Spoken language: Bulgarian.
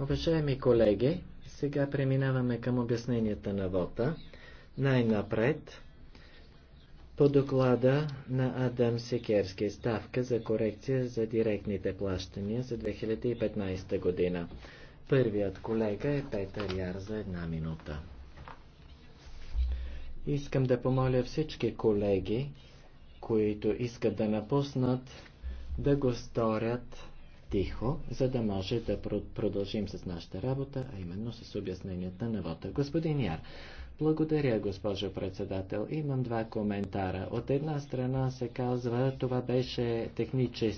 Уважаеми колеги, сега преминаваме към обясненията на вота. Най-напред по доклада на Адам Секерски ставка за корекция за директните плащания за 2015 година. Първият колега е Петър Яр за една минута. Искам да помоля всички колеги, които искат да напуснат, да го сторят тихо, за да може да продължим с нашата работа, а именно с обясненията на Вота. Господин Яр, благодаря, госпожо председател. Имам два коментара. От една страна се казва, това беше технически